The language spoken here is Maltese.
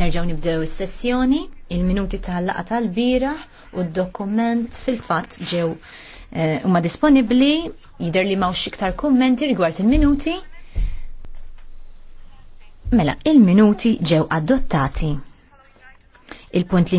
Nerġaw nibdew is-sessjoni, il-minuti tal-laqa tal-biraħ u d-dokument fil-fatt ġew eh, huma disponibbli jidher li mawx iktar kummenti rigward il-minuti. Mela, il-minuti ġew adottati. Il-punt li